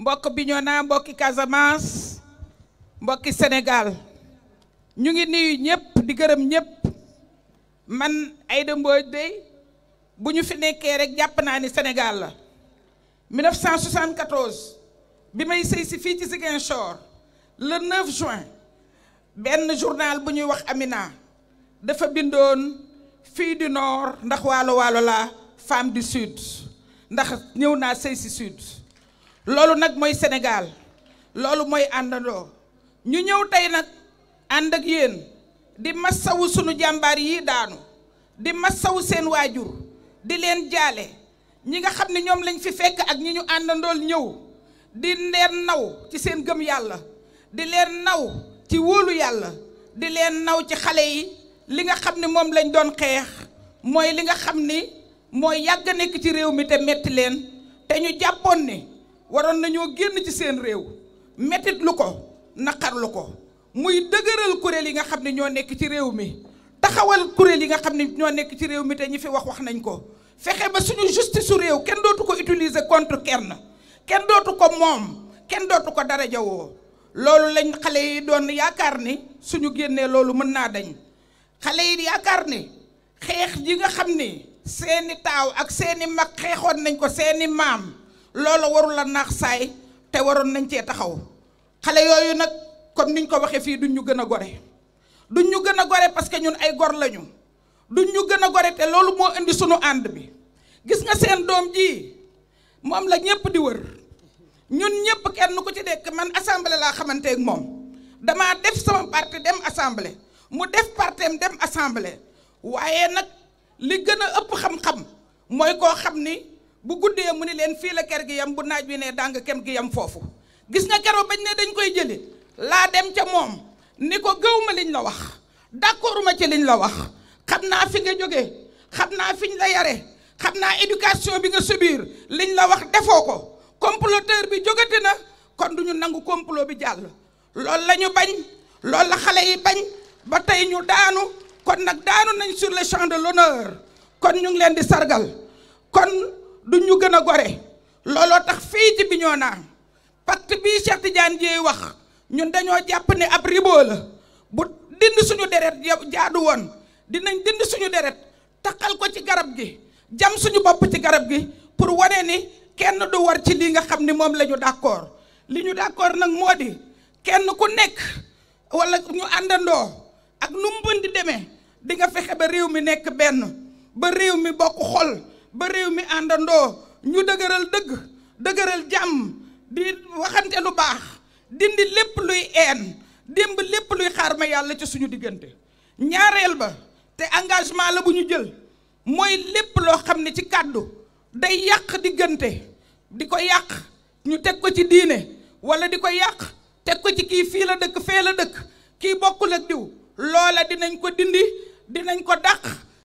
mbok biñona mbok Casamance mbok Senegal. ñu ngi nuyu ñëpp di gërëm man Aïda mboy de buñu fi nekké rek japp na ni senegal la 1974 bi may sey si fi ci Ziguinchor le 9 juin Ben journal buñu wax Amina dafa bindoon fi du nord ndax waalo waalo la femme du sud ndax ñëw naa sëy sud loolu nag mooy senegaal loolu mooy àndandoo ñu ñëw tey nag ànd ak yéen di massawu sunu jàmbaar yi daanu di massawu seen waajur di leen jaale ñi nga xam ne ñoom lañ fi fekk ak ñi ñu àndandool ñëw di leen naw ci seen gëm yàlla di leen naw ci wóolu yàlla di leen naw ci xale yi li nga xam ne moom lañ doon xeex mooy li nga xam ni mooy yàgg nekk ci réew mi te metti leen te ñu jàppoon ni waroon nañoo génn ci seen réew métit lu ko naqarlu ko muy dëgëral kuréel yi nga xam ne ñoo nekk ci réew mi taxawal kuréel yi nga xam ni ñoo nekk ci réew mi te ñi fi wax wax nañ ko fexe ba suñu justice su réew kenn dootu ko utiliser contre kenn kenn dootu ko moom kenn dootu ko dara jawoo loolu lañ xale yi doon yaakaar ni suñu génnee loolu mën naa dañ xale yi yaakaar ni xeex yi nga xam ni seeni taaw ak seeni mag xeexoon nañ ko seeni maam loola warul la naax saay te waroon nañ cee taxaw xale yooyu nag kon niñ ko waxee fii duñ ñu gën a gore duñ ñu gën a gore parce que ñun ay gor lañu duñ ñu gën a gore te loolu moo indi suñu ànd bi gis nga seen doom ji moom la ñëpp di wër ñun ñëpp kenn ko ci dekk man assemblée laa xamante ak moom damaa def sama parti dem assemblée mu def partem dem assemblée waaye nag li gën a ëpp xam-xam mooy koo xam ni. bu guddee mu ni leen fii la ker gi yam bu naaj wi ne dàng kem gi yam foofu gis nga keroog bañ ne dañ koy jëli laa dem ca moom ni ko gëw liñ la wax d'accord ma ci liñ la wax xam naa fi nga jógee xam naa fi ñu la yare xam naa éducation bi nga subir liñ la wax defoo ko comploteur bi jógati na kon duñu nangu complot bi jàll loolu la ñu bañ loolu la xale yi bañ ba tey ñu daanu kon nag daanu nañ sur le champ l'honneur kon ñu ngi leen di sargal kon ñu gëna goré lolo looloo tax fii ci Bignona pacte bi Cheikh Tidiane jey wax ñun dañoo japp ne ab ribo la bu dind suñu deret ya jaadu won dinañ dind suñu deret takal ko ci garab gi jam suñu bop ci garab gi pour wane ni kenn du war ci li nga xamni mom lañu d'accord li ñu d'accord nak modi di kenn ku nekk wala ñu andando ak nu mu di di nga fexé ba réew mi nekk benn ba réew mi bokk xol ba rew mi andando ñu dëgëral dëgg jam jam di waxante lu baax dindi lepp luy en demb lepp luy xaar ma yàlla ci suñu digënté ñaarël ba te engagement la buñu jël moy lepp lo xam ne ci kàddu day yàq digënté di ko ñu tek ko ci diiné wala di ko tek ko ci ki fi la dëkk fee la dëkk ki bokku ak diw loola dinañ ko dindi dinañ ko dakk